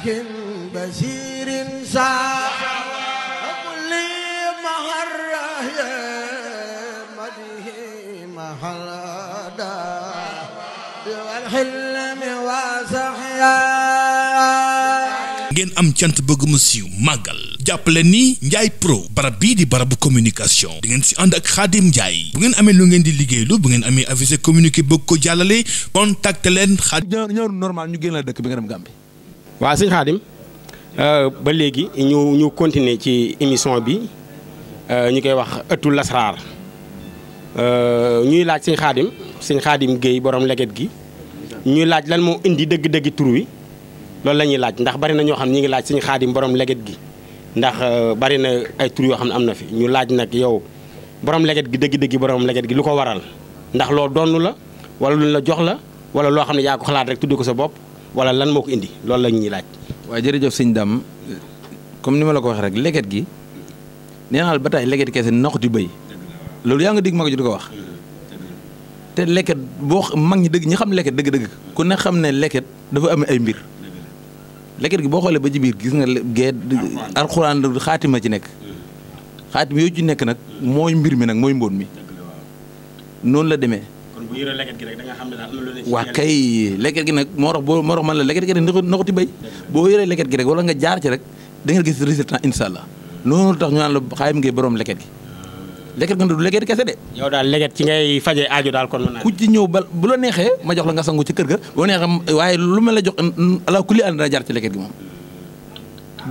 مدح Basirin سار وكل ngeen am cant bëgg mu siiw màggal jàppale ni Ndiaye Pro barab bii di barabu communication di ngeen si ànd ak Khadim Ndiaye bu ngeen amee lu ngeen di liggéeylu bu ngeen amee avisé communiqué bëgg ko jàllale contacte leen. ñor normal ñu génn la dëkk bi nga dem Gambie. waa sëñ Xaadim euh, ba léegi ñu ñu continuer ci émission bi euh, ñu koy wax ëttu lasraar euh, ñuy laaj sëñ Xaadim sëñ Xaadim Guèye borom leget gi ñuy laaj lan moo indi dëgg-dëgg tur wi loolu la laaj ndax bari na ñoo xam ne ñu ngi laaj sëñ Xaadim borom leget gi ndax bari na ay tur yoo xam ne am na fi ñu laaj nag yow borom leget gi dëgg-dëgg borom leget gi lu ko waral ndax loo donn la wala luñ la jox la wala loo xam ne yaa ko xalaat rek tudd ko sa bopp. wala lan moo ko indi loolu la ñuy laaj. waaw jërëjëf sëñ Dame comme ni ma la ko waxee rek leket gi nee ba tey leket kese naq di béy loolu yaa nga dégg mag ji di ko wax te leket boo mag ñi dëgg ñi xam leket dëgg-dëgg ku ne xam ne leket dafa am ay mbir leket gi boo xoolee ba ci biir gis nga gee alxuraan xaatima ci nekk xaatim yooyu ci nekk nag mooy mbir mi nag mooy mbóot mi noonu la demee. kon bu yoree na waa kay leget gi nag moo tax boo moo tax man la leget gi rek naxuti béy boo yoree leget gi rek wala nga jaar ci rek da nga gis résultat incha allah noonu tax ñu naan la xaayam ngay borom leget gi. leget nga du leget kese de. yow daal leget ci ngay faje aajo daal ku ci ñëw ba bu la neexee ma jox la nga sangu ci kër ga. boo neexee waaye lu ma la jox ala kulli ànd dana jaar ci leget gi moom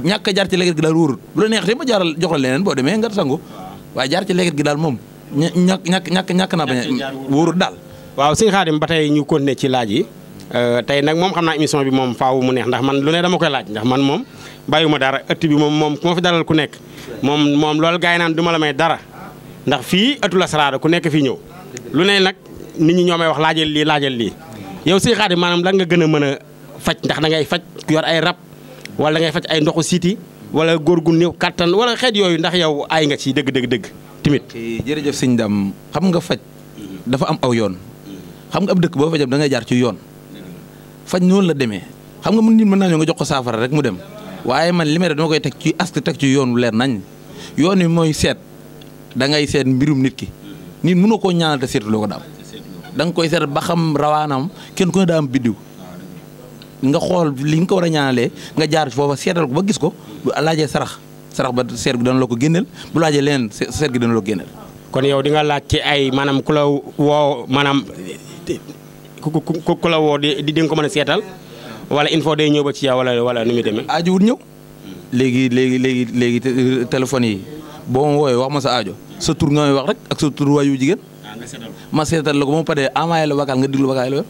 ñàkk a gi daal wóorul bu la neexee ma jaaral jox la leneen boo demee nga sangu waaye jaar ci leget gi daal moom ñak ñak ñak nyak naa bañ a wóorul waaw seigne khadim batay ñu konné ci laaji euh tay nag mom xamna émission bi mom faawu mu neex ndax man lu ne dama koy laaj ndax man mom bayuma dara ëtt bi mom mom kuma fi dalal ku nekk. mom mom lool gaay naan duma la may dara ndax fi ëttu la saraada ku nekk fi ñew lu ne nag nit ñi ñomay wax laajel li laajel li yow seigne khadim manam la nga gëna mëna fajj a ndax da ngay faj ku yor ay rap wala da ngay fajj ay ndoxu city wala góor gu néew wala xet yoyu ndax yow ay nga ci deug deug deug timit jërëjëf sëñ Dame xam nga faj dafa am aw yoon xam nga ab dëkk boo fajam da ngay jaar ci yoon faj noonu la demee xam nga mën nit mën naa ñëw nga jox ko saafara rek mu dem waaye man li may def dama koy teg ci ask teg ci yoon wu leer nañ yoon wi mooy seet dangay ngay seet mbirum nit ki nit mënoo koo ñaanal te seetuloo ko daam da koy seet ba xam rawaanam kenn ku ne daa am biddiw nga xool li nga ko war a ñaanalee nga jaar foofa seetal ko ba gis ko sarax sarax ba ser gi don lako gennel bu laaje len ser gi don lako gennel kon yow di nga laaj ci ay manam kula wo manam kula wo di di nga ko meuna setal wala info day ñew ba ci yow wala wala nu muy aaju wut ñew léegi léegi léegi léegi telephone euh, yi bo mo woy wax ma sa aaju sa tour nga wax rek ak sa tour wayu jigen ah, ma setal lako mo pade amay la wakal nga diglu wakal la.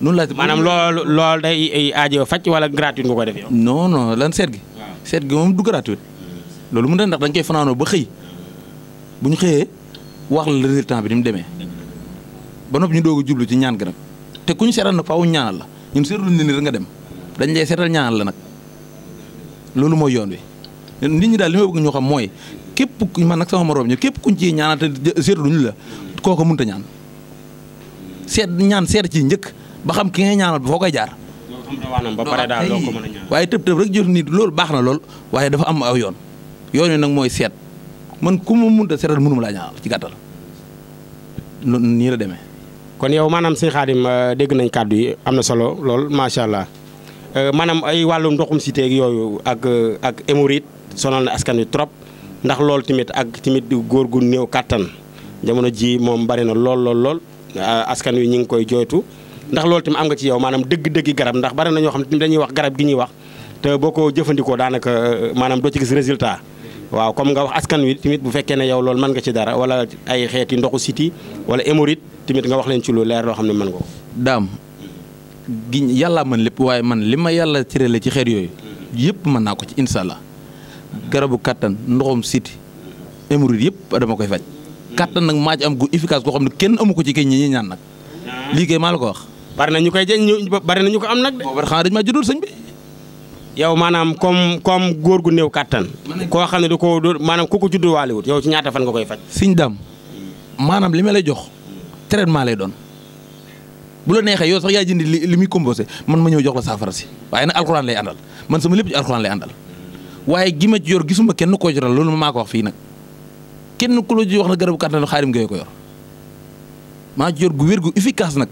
noonu la manam lol lol day aaju faj wala gratuit nga ko def yow. non non lan seet gi set gi mom du gratuit lolou mu ne ndax dang koy fanano ba xey bu xeye wax la résultat bi nim démé ba nopp ñu dogu jublu ci ñaan gi nak té kuñu sétal na faaw ñaanal la ñun seetlu ni rek nga dem dañ lay sétal ñaanal la nak lolou moy yoon wi nit ñi dal limay bëgg ñu xam moy képp ku man nak sama morom ñu képp kuñ ci ñaanal sétal seetluñu la koko mënta ñaan sét ñaan sét ci ñëk ba xam ki ngay ñaanal ba foo koy jaar. ba pare daal doo ko mën a waye tëb tëb rek jël nit lool baxna lool waye dafa am aw yoon yoon nak moy set man ku munta setal munum la laa ñaanal ci gattal ni la demee. kon yow manam sëñ khadim euh, dégg nañ kaddu yi amna solo lool sha allah euh, manam ay walum ndoxum cité ak yoyu ak euh, ak hémorite sonal na askan yu trop ndax lool timit ak tamit góor gu new katan jamono ji mom bari na lool lool lool askan yu ñing koy jooytu. ndax loolu tamit am nga ci yow maanaam dëgg dëgg garab ndax bari na ñoo xam ne dañuy wax garab gi ñuy wax te boo ko jëfandikoo daanaka euh, maanaam doo ci gis résultat waaw comme nga wax askan wi tamit bu fekkee ne yow lool man nga ci dara wala ay xeeti ndoxu siti wala hémorroïde tamit nga wax leen ci lu leer loo xam ne mën nga ko daam gi yàlla man lépp waaye man li ma yàlla tërale ci xeet yooyu yëpp mën naa ko ci incha allah garabu kàttan ndoxum siti hémorroïde yëpp dama koy faj kattan nag maa am gu efficace koo xam ne kenn amu ko ci kay ñi ñaan nag lii maa la ko wax bari na ñu koy jëñ ñu bari na ko am nag de. boobu xanaa dañu maa juddul sëñ bi. yow maanaam comme comme góor gu néew kàttan. koo xam ne du ko maanaam ku ko juddu waaliwut yow ci ñaata fan nga koy faj. siñ dam maanaam li ma lay jox traitement lay doon bu la neexee yow sax yaa jëndi li li muy composé man ma ñëw jox la saafara si waaye nag alxuraan lay àndal man sama lépp ci alxuraan lay àndal waaye gi ma ci gisuma kenn koo joral loolu maa ko wax fii nag kenn ku la ji wax na garabu kàttan xaarim ngay ko yor maa ci yor nag.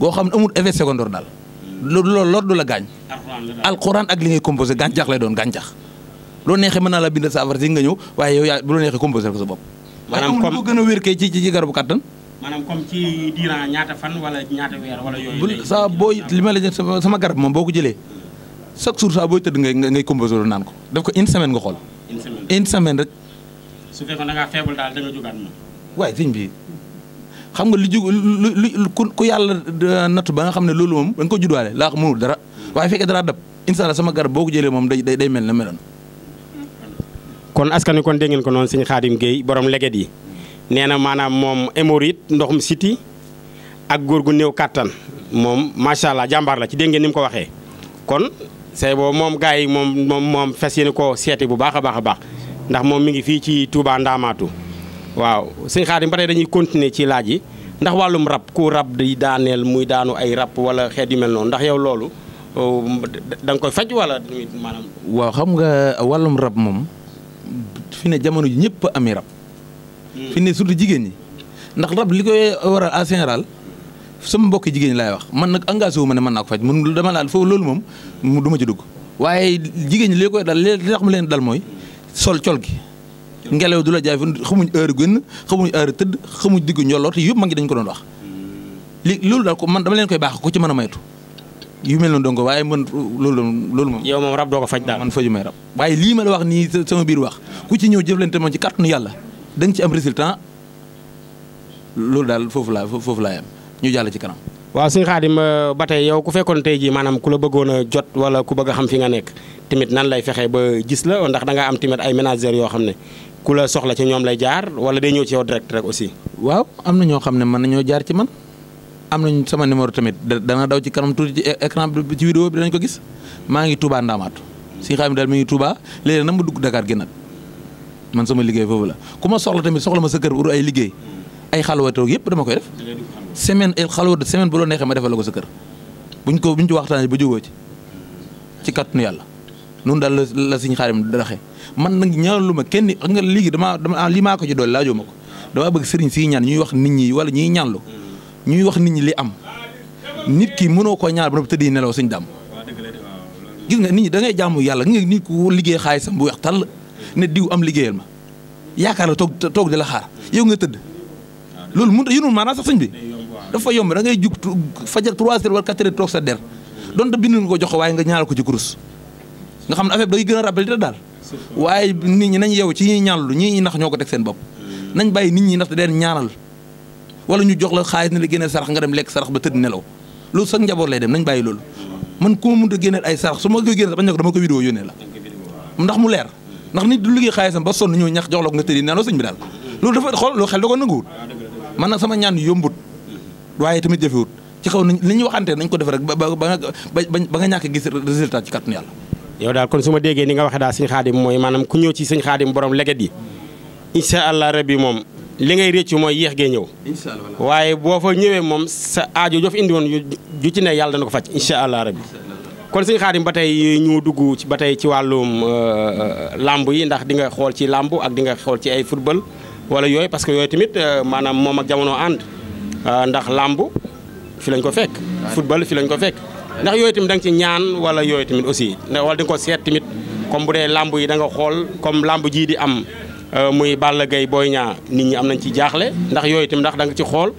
goo xam ne amul effet secondaire daal loolu lor du la gaañ. alxuraan ak li ngay composé gàncax lay doon gàncax. loo neexee mën naa la bindal saafara si nga ñëw waaye yow yaa bu la neexee composé ko sa bopp. maanaam a wér kay ci ci garabu kattan. maanaam comme ci diiran fan wala ñaata weer wala yooyu. saa booy li ma la jël sama garab moom boo ko jëlee chaque jour saa booy tëdd ngay ngay composé lu naan ko def ko une semaine nga xool. une semaine une rek. su fekkoon da ngaa faible daal bi xam nga li jug ku yalla natt ba nga xamne lolu mom moom ko judwaale la xamul dara waaye fekk dara dab inshallah allah sama gar boku jele mom day day melna melon kon askan kon dégg ko non seigne khadim gey borom leget yi neena manam mom moom ndoxum city ak góor gu néew kàttan moom macha la ci dégg nim ko waxe kon say bo mom gars mom mom moom moom fas yéene bu baakha baakha baax ndax mom mi ngi fi ci Touba Ndaamaatu. waaw sëñ Xaadim ba dañuy continuer ci laaj yi ndax wàllum rab ku rab di daaneel muy daanu ay rab wala xeet yu mel noonu ndax yow loolu da koy faj wala maanaam. waaw xam nga wàllum rab moom fi ne jamono ji ñëpp ami rab. Hmm. fi ne surtout jigéen ñi ndax rab li koy waral en général sama mbokki jigéen ñi laay wax man nag engagé wu ma ne mën naa ko faj mun dama laal foofu loolu moom duma ma ci dugg waaye jigéen ñi li koy dal li tax mu leen dal mooy sol col gi. ngelaw du la jaay fan xamuñ heure génn xamuñ heure tëdd xamuñ diggu njolloor te yëpp mag ñi dañ ko doon wax li loolu daal ko man dama leen koy baax ko ci mën a maytu yu mel noonu donc waaye man loolu loolu moom. yow moom rab doo ko faj daal man faju may rab. waaye lii ma la wax nii sama biir wax ku ci ñëw jëflante moom ci kàttanu yàlla da ci am résultat loolu daal foofu laa foofu laa yam ñu jàll ci kanam. waaw sëñ Xaadim euh, ba tey yow ku fekkoon tey jii maanaam ku la bëggoon a jot wala ku bëgg xam fi nga nekk tamit nan lay fexe ba gis la ndax da am tamit ay ménagères yoo xam ne kula soxla ci ñom lay jaar wala day ñew ci yow direct rek aussi. waaw amna ño xamne man ne jaar ci man amna sama numéro tamit na daw ci kanam tout ci e, écran bi ci vidéo bi dañ ko gis ma ngi Touba ndamat si xam dal mi ngi Touba léegi nam ma dugg Dakar nak man sama liggéey fofu la kuma soxla tamit soxla ma sa kër uru ay liggéey ay xalwato yëpp dama koy def semaine ay xalwat semaine bu lo neexee ma defal ko sa kër buñ ko buñ ci waxtane bu jógoo ci ci katnu yalla noonu daal la la sëñ xaarim daxe man nag ñaanlu ma kenn xam nga léegi damaa dama ah, li maa ko ci doole laajoo ma ko damaa bëgg sëriñ si ñaan ñuy wax nit ñi wala ñuy ñaanlu ñuy wax nit ñi li am nit ki mënoo ko ñaan ba tëddi nelaw sëñ daam gis nga nit ñi da ngay jaamu yàlla nga nit ko liggéey xaalisam bu weex tàll ne diw am liggéeyal ma yaakaar la toog toog di xaar yow nga tëdd loolu mënut a yónul maanaam sax sëñ bi dafa yomb da ngay jug fajar 3 heures wala 4 heures toog sa der dont bind nga ko jox waaye nga ñaanal ko ci kurus nga xam ne affaire bi day gën a rappelé daal. waaye nit ñi nañ yow ci ñuy ñaanlu ñi nax ñoo ko teg seen bopp. nañ bàyyi nit ñi ndax da leen ñaanal wala ñu jox la xaalis ne la génneel sarax nga dem lekk sarax ba tëdd nelaw loolu sax njaboot lay dem nañ bàyyi loolu. man ku ma mënta génneel ay su ma koy génneel bañ ne ko dama ko vidéo yónnee la ndax mu leer ndax nit du liggéey xaalisam ba sonn ñëw ñax jox la ko nga tëdd nelaw sëñ bi daal loolu dafa xool loolu xel da ko nanguwut man na sama ñaan yombut waaye tamit jëfewut ci kaw nañ li ñu waxante nañ ko def rek ba ba ba nga ñàkk gis ci kàttanu yàlla yow daal kon su ma déggee ni nga waxee daal sëñ xaadim mooy maanaam ku ñëw ci sëñ xaadim borom leget yi incha allah rabbi moom li ngay réccu mooy yéex gee ñëw waaye boo fa ñëwee moom sa aajo jof indi woon ju ci ne yàlla na ko faj incha allah rabbi kon sëñ xaadim ba tey ñu dugg ba tey ci wàllum euh, euh, làmb yi ndax di nga xool ci làmb ak di nga xool ci ay football wala yooyu parce que yooy tamit euh, maanaam moom ak jamono ànd ndax làmb fi lañ ko fekk football fi lañ ko fekk ndax yooyu tamit danga nga ci ñaan wala yooyu tamit aussi ndax wala di nga ko seet tamit comme bu dee yi da xool comme làmb jii di am euh, muy Balla Gaye Boy Niang nit ñi am nañ ci jaaxle ndax yooyu tamit ndax da nga ci xool.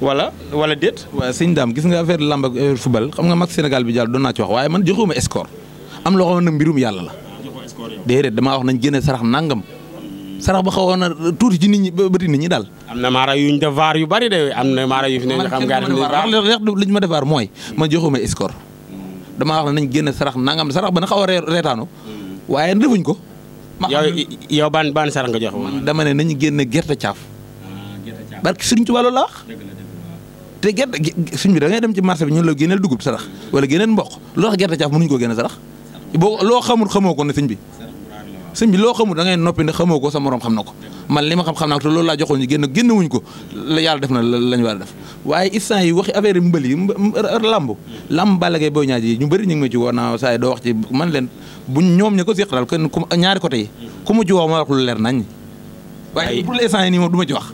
wala wala déet. waaw sëñ Dame gis nga affaire làmb ak euh, xam nga mag Sénégal bi jàll doon naa ci waaye man joxewuma score am loo xam mbirum yàlla la. déedéet damaa wax nañ génne sarax nangam. sarax ba xawoon na tuuti ci nit ñi bëti nit ñi daal. am na maara yu ñu def vaar yu bari de am na maara yu fi ne xam nga. li ñu ma def vaar mooy man joxuma score damaa wax ne nañ génn sarax nangam sarax ba na xaw a reetaanu mm. waaye defuñ ko. ma yow yow ban ban sarax nga jox woon dama ne nañu génn gerte caaf. Ah, gerte caaf barke Sëriñ loolu la wax. te gerte suñ bi da dem ci marché bi ñun la génneel dugub sarax mm. wala génneel mboq loo tax gerte caaf mënuñ ko génne sarax boo loo xamul xamoo ko ne sëñ bi sëñ bi loo xamul da ngay noppi ndax xamoo ko sa morom xam na ko man li ma xam xam naa ko te loolu laa joxoon ñu génn génn wuñ ko la yàlla def na la ñu war a def waaye instant yi waxi affaire mbël yi lamb lamb ba Gaye Boy Niang ji ñu bëri ñu ngi ma ci woo naa saa yi doo wax ci man leen ko séq daal kenn ku ñaari côté yi ku mu ci woo ma wax ma ci wax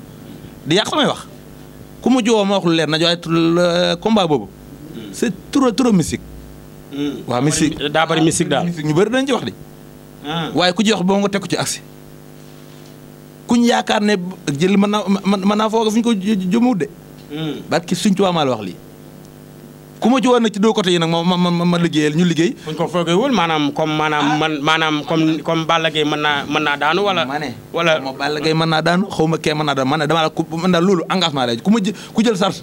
di yàq wax ku mu ci woo ma wax lu leer nañ waaye combat boobu c'est trop trop mystique hmm. waaw daa bari mystique daal ñu bëri dañ ci wax di Ah. waaye ku jox boobu nga teg ko ci aksi kuñ yaakaar ne jël mën naa mën naa foog fu ñu ko jëmuwut de. Hmm. baat ki suñ tubaab maa la wax lii. ku ma ci war nag ci doo côté yi nag ma ma ma ñu liggéey. buñ ko foogeewul maanaam comme maanaam ah. man maanaam comme comme Balla Gaye mën naa mën naa daanu. wala wala ma Balla Gaye mën naa daanu xaw ma kee mën naa daanu man ne damaa la ku loolu engagement la ku ma ku jël sart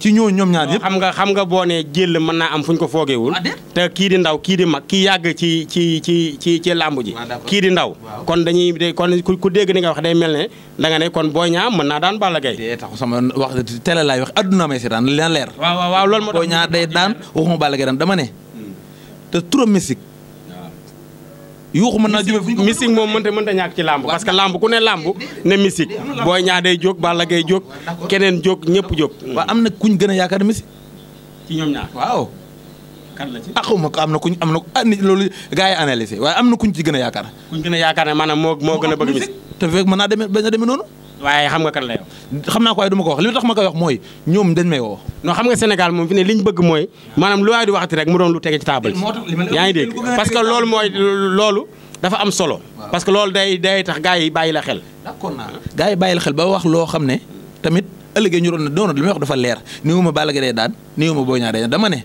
ci ñoo ñoom ñaar yëpp xam nga xam nga boo ne jël mën naa am fu ñu ko foogeewul ah, te kii di ndaw kii di mag kii yàgg ci ci ci ci ci làmb ji ah, kii di ndaw kon dañuy day kon ku dégg ni nga wax day mel ne da ne kon Boy Niang mën naa daan Balla Gaye dee tax sama wax télé laay wax adduna may seetaan li na leer waaw lool waaw loolu moo Boy day daan waxuma Balla Gaye daan dama ne te trop musique yuuxu mën naa jóge musique moom mënta mënta ñàkk ci làmb parce que làmb ku ne làmb ne musique booy ñaa day jóg Balla Gaye jóg keneen jóg ñëpp jóg. waaw am na kuñ gën a yaakaar musique. ci ñoom ñaar waaw. kan la ci ah, am na kuñ am na ah nit loolu gars yi analysé waaye am na ci gën a yaakaar. kuñ gën a yaakaar ne maanaam moo moo gën a bëgg musique. te fekk mën demee bañ a deme noonu. waaye xam nga kan la yow. xam naa ko waaye du ma ko wax li tax ma koy wax mooy ñoom dañ may woo. non xam nga Sénégal moom fi ne li ñu bëgg mooy maanaam lu waay di waxati rek mu doon lu tege ci taabal yaa ngi dégg parce que loolu mooy loolu dafa am solo. parce que loolu day day tax gaa yi bàyyi la xel. d'accord naa gars yi bàyyi la xel ba wax loo xam ne tamit ëllëgee ñu doon na doon li may wax dafa leer néew ma Balla Gaye day daan néew ma boo Niang day daan dama ne.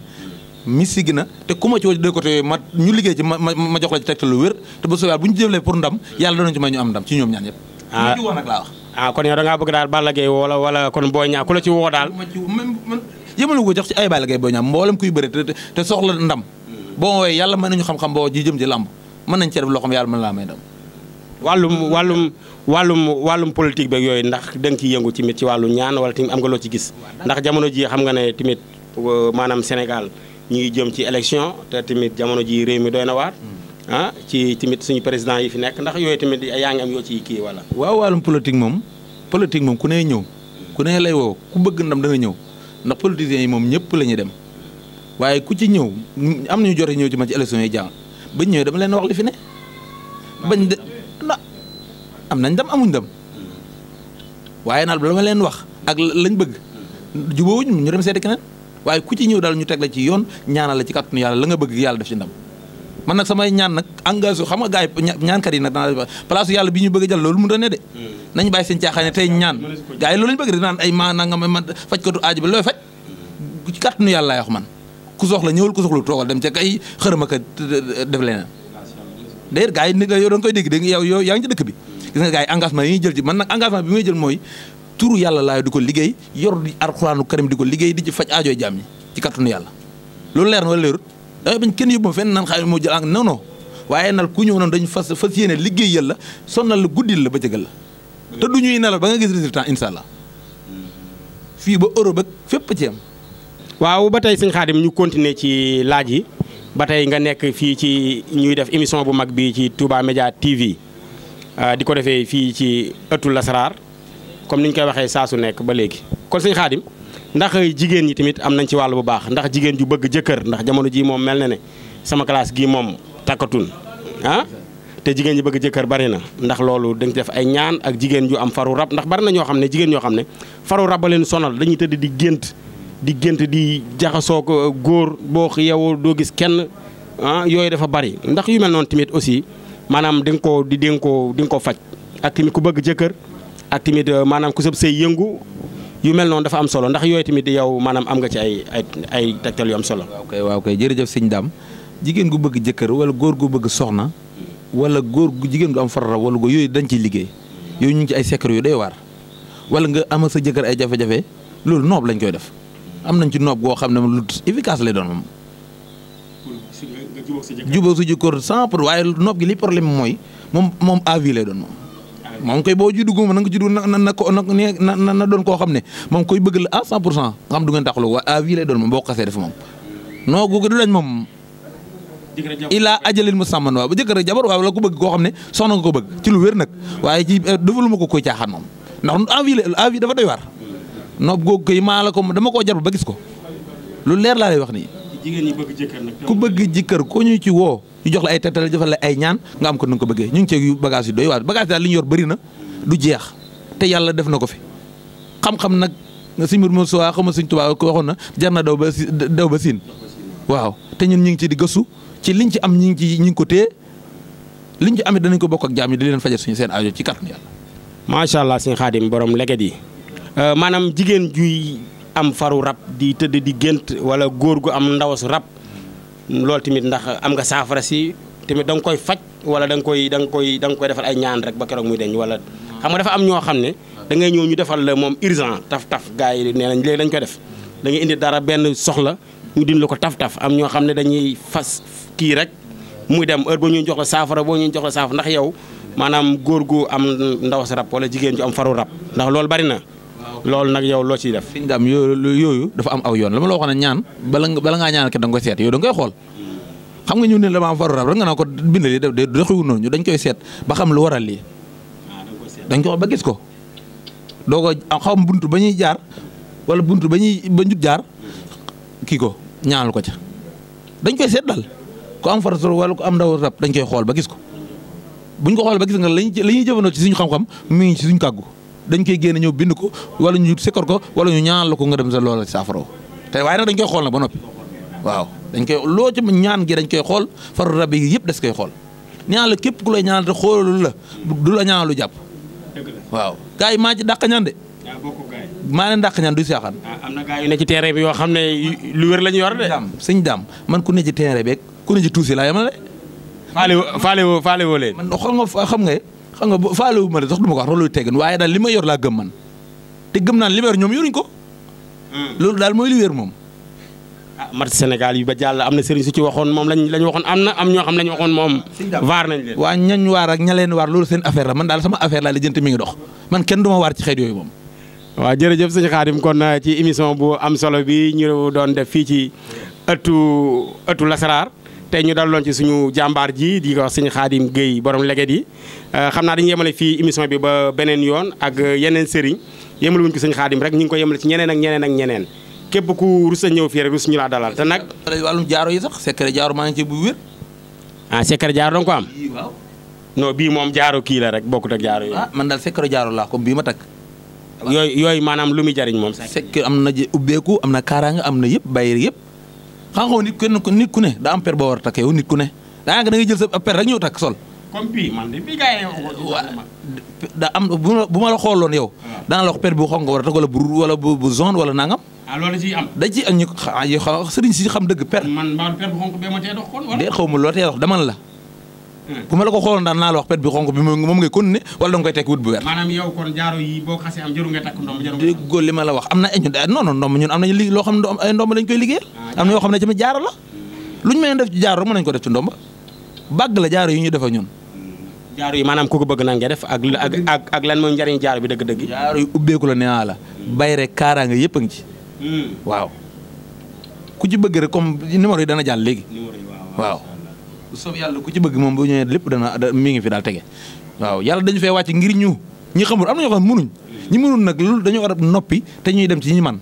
misig na te ku ma ci woo de côté ma ñu liggéey ci ma ma ma jox la ci tegtal lu wér te ba ñu jëlee pour ndam yàlla doon ci may am ndam ci ñoom ñaan ñëpp. ah li ah kon yow da ngaa bëgg daal Balla Gaye wala wala kon Boy ku la ci woo daal. yëmalu ko jox ci ay Balla Gaye Boy Niang mboolem kuy bëre te te soxla ndam. boo woowee yàlla mën nañu xam-xam boo ji jëm ci làmb mën nañ ci def loxoom yàlla mën laa may ndam. wàllum wàllum wàllum wàllum politique beeg yooyu ndax da nga ciy yëngu tamit ci wàllu ñaan wala tamit am nga loo ci gis ndax jamono ji xam nga ne tamit euh, maanaam Sénégal ñu ngi jëm ci élection te tamit jamono ji réew mi doy na waar ah ci tamit suñu président yi fi nekk ndax yooyu tamit yaa ngi am yoo ciy kii wala. waaw wàllum politique moom politique moom ku ne ñëw ku ne lay woo ku bëgg ndam danga ñëw ndax politiciens yi moom ñëpp la ñuy dem waaye ku ci ñëw am nañu jot ñëw ci ci élection yi jàll bañ dama leen wax li fi ne. bañ de am nañ dam amuñ ndam waaye naal la ma leen wax ak lañ bëgg jubóowuñ ñu dem seeti keneen waaye ku ci ñëw daal ñu teg la ci yoon ñaanal la ci kàttanu yàlla la nga bëgg yàlla def ci ndam. man nag samay ñaan nag engagé xam nga gars yi ñaankat yi nag danaa place yàlla bi ñu bëgg a jël loolu mu doon ne de hmm. nañ bàyyi seen caaxaan tey ñaan gars yi loolu lañu bëgg di naan ay ma faj ko du aajo bi looy faj hmm. ci kàttanu yàlla man ku soxla ñëwal ku soxla toogal dem ca kay xërëma ka def leneen d'ailleurs gars yi ni yow da nga koy dégg dégg yow yow yaa ngi dëkk bi gis nga gars yi engagement yi ñuy jël ci man nag engagement bi muy jël mooy turu yàlla laay di ko liggéey yor di alxuraanu karim di ko liggéey di ci faj aajo jaam ñi ci nu yàlla loolu leer na wala damay bañ kenn yóbbu ma fenn naan xaalis moo jël engrais non non waaye nag ku ñëw noonu dañu fas fas yéene liggéeyal la sonnal la guddil la bëccëgal la te du ñuy nelaw ba nga gis résultat incha mm-hmm. fii ba Europe ak fépp ci am. waaw ba tey sëñ Xaadim ñu continuer ci laaj yi ba tey nga nekk fii ci ñuy def émission bu mag bi ci Touba Média TV ah, di ko defee fii ci ëttu lasaraar comme ni ñu koy waxee saa su nekk ba léegi kon sëñ Xaadim ndax jigen yi tamit am nañ ci walu bu baax ndax jigen ju bëgg ndax jamono ji mom mel ne sama classe gi mom ah te jigen ji bëgg jëkkër bari na ndax loolu dañ def ay ñaan ak jigen ju am faru rap. ndax bari na ño xamne jigen ño xamne faru rap ba leen sonal dañuy tëdd di gënt di gënt di jaxaso ko euh, góor bo yeewoo do gis kenn ah yoy dafa bari ndax yu mel non timit aussi manam di ko di nga ko di ko fajj ak tamit ku bëgg jëkkër ak tamit euh, manam ku sëb sey yëngu yu mel noonu dafa am solo ndax yooyu tamit di yow maanaam am nga ci ay ay ay tegtal yu am solo. waaw koy waaw jëf jërëjëf sëñ jigéen gu bëgg jëkkër wala góor gu bëgg soxna wala góor gu jigéen gu am farara wala go yooyu dañ ciy liggéey yooyu ñu ngi ci ay secret yu doy waar wala nga am sa jëkkër ay jafe-jafe loolu noob lañ koy def am nañ ci noob goo xam ne lu efficace lay doon moom. jubóo su jëkkër sans pour waaye noob gi li problème mooy moom moom avis lay doon moom. moom koy boo ji dugg ma na nga ci dugg na na ko na na doon koo xam ne moom koy bëgg la à 100 pour cent nga xam du ngeen taxalu waaye à vie lay doon moom boo ko xasee def moom. ba jëkkër ak jabar waaw la ko bëgg koo xam ne soxna nga ko bëgg ci lu wér nag waaye ci euh, defaluma ko koy caaxaan moom ndax envie dafa doy waar noob googu koy maa la ko dama koo jar ba gis ko lu leer laa lay wax nii. ku bëgg jëkkër koo ñu ci woo ñu jox la ay tegtal defal la ay ñaan nga am ko nu ko bëggee ñu ngi ceeg yu bagage yu doy waar bagage daal li yor bëri na du jeex te yàlla def na ko fi xam-xam nag si mbir mo suwaa xama suñ tubaab ko waxoon na jar daw ba daw ba siin waaw te ñun ñu ngi ci di gëstu ci liñ ci am ñu ngi ci ñu ngi ko téye liñ ci amit danañ ko bokk ak jaam yi di leen fajal suñu seen aajo ci kàttanu yàlla macha allah sëñ Xaadim borom leget yi euh, maanaam jigéen juy am faru rab di tëdd di gént wala góor gu am ndawasu rab loolu tamit ndax am nga saafara si tamit da nga koy faj wala da nga koy danga koy da nga koy defal ay ñaan rek ba keroog muy deñ wala xam nga dafa am ñoo xam ne da ngay ñëw ñu defal la moom urgent taf-taf gars yi nee nañ léegi dañ koy def dangay indi dara benn soxla ñu din la ko taf-taf am ñoo xam ne dañuy fas kii rek muy dem heure ba ñuy jox la saafara boo ñuy jox la saafara ndax yow maanaam góor gu am ndaw sa rab wala jigéen ju am faru rab ndax loolu bari na loolu nag yow loo ci def. suñ daam yooyu dafa am aw yoon la ma xam ne ñaan bala nga bala ngaa ñaanal kat da nga koy seet yow da koy xool xam nga ñu ne dama am faru rab naa ko bindal yi def de doxiwu noonu dañ koy seet ba xam lu waral lii. dañ ko ba gis ko doo ko ah, xaw ma buntu ba ñuy jaar wala bunt ba ñuy ba jaar kii ko ñaanal ko ca dañ koy seet daal ku am faru wala ko am ndaw rab dañ koy xool ba gis ko buñ ko xool ba gis nga lañuy jëfandoo ci suñu xam-xam mi ngi ci suñu kàggu. dañ koy génne ñëw bind ko wala ñu sikkar ko wala ñu ñaan la ko nga dem sa loola saafara te waaye nag dañ koy xool nag ba noppi waaw dañ koy loo ci ñaan gi dañ koy xool faru rab yi yëpp des koy xool ñaan la képp ku lay ñaan te la du la ñaan jàpp. waaw gars yi maa ci dàq ñaan de. maa leen dàq ñaan du saaxaan. Ah, am na gars yu ne ci terrain bi yoo xam ne lu wér la ñu yor de. sëñ daam man ku ne ci terrain beeg ku ne ci tuusi laa yemale. faale woo faale woo faale woo leen. man xam nga. xam nga faalewu ma de sax du ma ko wax loolu teggin waaye daal li ma yor laa gëm man te gëm naan li ñoom yoruñ ko. Hmm. loolu daal mooy li moom. ah mat Sénégal yi ba jàll am na sëriñ su ci waxoon moom lañ lañ waxoon am na am ñoo xam lañ waxoon moom. waar nañ leen waa ñañ waar ak ña leen waar loolu seen affaire la man daal sama affaire laa lijjanti mi ngi dox man kenn du ma waar ci xeet yooyu moom. waaw jërëjëf sëñ Xaadim kon ah, ci émission bu am solo bi ñu doon def fii ci ëttu ëttu tey ñu dalaloon ci suñu jàmbaar ji di wax suñu Xaadim Guèye borom leget yi euh, xam naa dañu yemale fii émission bi ba beneen yoon ak yeneen sëriñ yemale wuñ ko suñu Xaadim rek ñu ngi ko yemale ci ñeneen ak ñeneen ak ñeneen képp ku ñëw fii rek rus ñu laa te nag. wàllum jaaro yi sax secret jaaro maa ngi ci bu wér. ah secret jaaro dong am. no bii moom jaaro kii la rek bokkut ak jaaro yooyu. ah man daal secret jaaro laa ko bii ma takk. yooyu yooyu maanaam lu muy jariñ moom. secret am na ubbeeku am na kaaraange am na yëpp bayir yëpp xam nga nit ku ne nit ne daa am per boo war a takk yow nit ku ne daanaka da ngay jël sa per rek ñëw takk sol. comme da am bu ma bu ma la xooloon yow. Ah. dana la wax per bu xonq nga war a takk wala bu wala bu zone wala nangam. ah loolu ciy am. da ak ah, xa sëriñ si xam dëgg per. man maa xaw ma loo te dox dama la. bu ma la ko xooloon daan naa la wax pet bi xonk bi mom ngay continuer wala da koy tek wut bu wer manam yow kon jaaro yi bo xasse am jaru nga tak ndom jaru nga gol li la wax amna na ñu ah, non non ndom ñun amna nañu li loo xam ndom ay ndom lañ koy liggéeyal ah, amna yo yoo xam ne tamit jaaro la luñ mën def ci jaaro mo nañ ko def ci ndom bag la jaaro yi ñu defa ñun jaaro yi manam ku ko bëgg na nga def ak ak ak lan mo ñariñ jaaro bi deug deug jaaro yi ko la neewaa la bay rek kaaraange yëpp a ngi ci hmm. waaw ku ci bëgg rek comme numéro yi dana jall legi numéro yi waaw waaw soob yalla ku ci bëgg mom bu ñëw lepp da na da mi ngi fi dal tégué waaw yalla dañu fay wacc ngir ñu ñi xamul am na ñoo xam mënuñ ñi munul nak loolu dañu war nopi té ñuy dem ci ñi man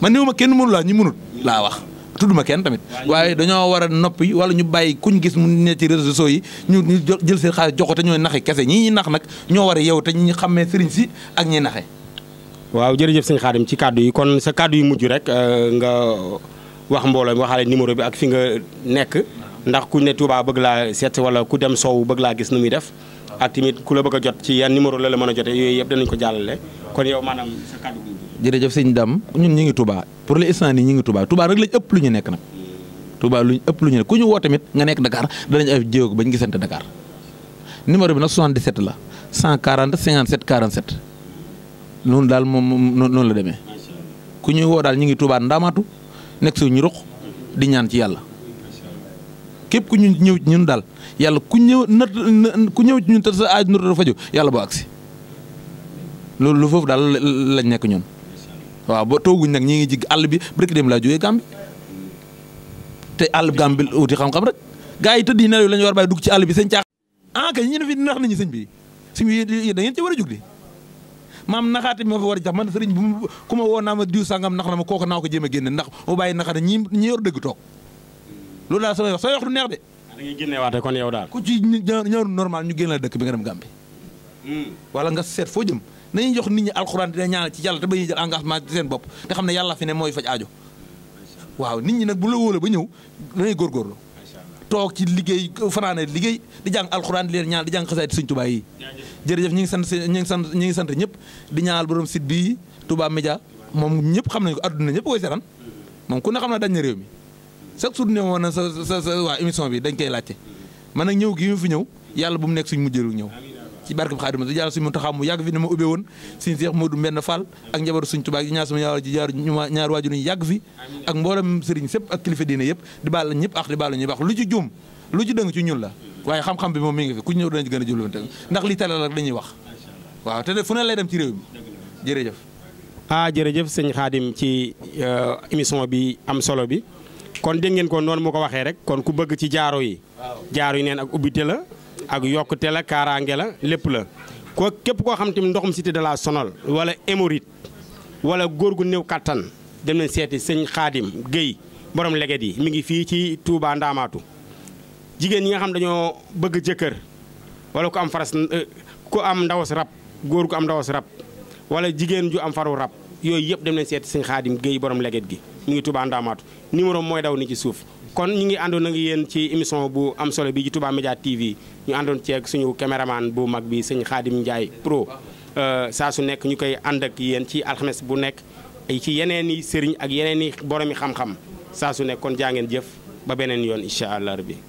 man néew kenn mënu la ñi munut la wax tuduma kenn tamit waye dañu wara nopi wala ñu bayyi kuñ gis mu ne ci réseaux sociaux yi ñu jël seen xaar joxo té ñoy naxé kessé ñi ñi nax nag ñoo war a yow te ñi xamé sëriñ ci ak ñi naxé waaw jërëjëf sëñ Xaadim ci cadeau yi kon sa cadeau yi mujju rek euh, nga wax mbolam waxale numéro bi ak fi nga nek ndax kuñ ne Touba bëgg laa seet wala ku dem soow bëgg gis nu muy def ak tamit ku la bëgg jot ci yan numéro la la mën a jotee yooyu yëpp danañ ko jàllale kon yow maanaam sa kàddu gi jërëjëf sëñ Dame ñun ñi ngi Touba pour l'instant nii ñi ngi Touba Touba rek lañ ëpp lu ñu nekk nag Touba luñ ëpp lu ñu ku ñu tamit nga nekk Dakar danañ ay jéego bañ gisante Dakar numéro bi nag 77 la 140 57 47 noonu daal moom noonu la demee ku ñuy woo daal ñi ngi Touba ndaamaatu nekk di ñaan ci képp ku ñun ñëw ñun daal yàlla ku ñëw nat ku ñëw ci ñun te sa aaj nuru dafa fajo yàlla boo agsi loolu lu foofu daal lañ nekk ñun waaw ba tooguñ nag ñi ngi jig àll bi barki dem laa jógee Gàmbi te àll Gàmbi uti xam-xam rek gaa yi tëdd yi nelaw lañu war bàyyi dugg ci àll bi seen caax ah kay ñu ne fi nax nañu sëñ bi sëñ bi da ngeen ci war a jug di maam naxaate bi fa war a jax man sëriñ bu ku ma woo naa ma diw sàngam nax na ma kooku naa ko jéem ndax mu bàyyi naxaate ñi ñi yor dëgg toog loolu daal samay wax sooy wax du neex de. Ah, da ngay génneewaate kon yow daal. ku ci ñëw normal ñu génne la dëkk bi nga dem Gàmbi. Hmm. wala nga seet foo jëm nañuy jox nit ñi alxuraan dina ñaanal ci yàlla te engagement ci bopp te xam ne yàlla fi ne mooy faj waaw nit ñi nag bu la wóolee ba ñëw dañuy góorgóorlu. toog ci liggéey fanaane liggéey di jàng alxuraan di leen ñaan di jàng xasaayid Sëñ yi. jërëjëf ñu ngi sant ñu ngi sant ñu ngi sant ñëpp di ñaanal borom site bii Touba Média moom ñëpp xam nañ ko adduna ñëpp koy seetaan hmm. moom ku ne xam na dañ na réew mi chaque jour ne woon na sa sa sa waa émission bi dañ koy laajte man nag ñëw gi mu fi ñëw yàlla bu mu nekk suñ mujjëru ñëw ci barke bi xaadima yàlla suñu Muntaxa mu yàgg fi ne ma ubbee woon suñu Seex Moodu Mbenn Fall ak njabaru suñ Tuubaa yi ñaar sama ñaar ñaar waajur ñu yàgg fi ak mboolem sëriñ sëpp ak kilifa diine yëpp di baal ñëpp ak di baal ñëpp ak lu ci juum lu ci dëng ci ñun la waaye xam-xam bi moom mi ngi fi ku ñëw danañ gën a jëlante ndax li talal rek dañuy wax waaw te fu ne lay dem ci réew mi jërëjëf ah jërëjëf sëñ ci euh, émission bi am solo bi kon dégg ngeen ko noonu moo ko waxee rek kon ku bëgg ci jaaro yi jaaro yi neen ak ubbite la ak yokkute la kaaraange la lépp la ko képp koo xam tamit ndoxum cité de la sonal wala hémorroïde wala góor gu néew kattan dem nañ seeti sëñ xaadim géy borom leget yi mi ngi fii ci Touba Ndaamaatu jigéen ñi nga xam dañoo bëgg jëkkër wala ku am faras eh, ku am ndawas rab góor gu am ndawas rab wala jigéen ju am faru rab yooyu yëpp dem nañ seeti sëñ xaadim géey borom leget gi ñu ngi tubaa ndaamaatu numéro mooy daw ni ci suuf kon ñu ngi àndoon ak yéen ci émission bu am solo bi ci tubaa Média TV ñu àndoon ceeg suñu caméraman bu mag bi sëñ xaadim Ndiaye pro euh, saa su nekk ñu koy ànd ak yéen ci alxames bu nekk ci yeneen i sëriñ ak yeneen i boromi xam-xam saa su nekk kon jaa ngeen jëf ba beneen yoon incha allah rabbi